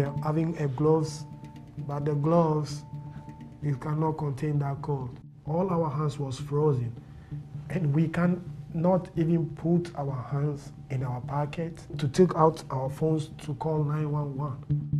we are having a gloves, but the gloves, it cannot contain that cold. All our hands was frozen, and we can not even put our hands in our pocket to take out our phones to call 911.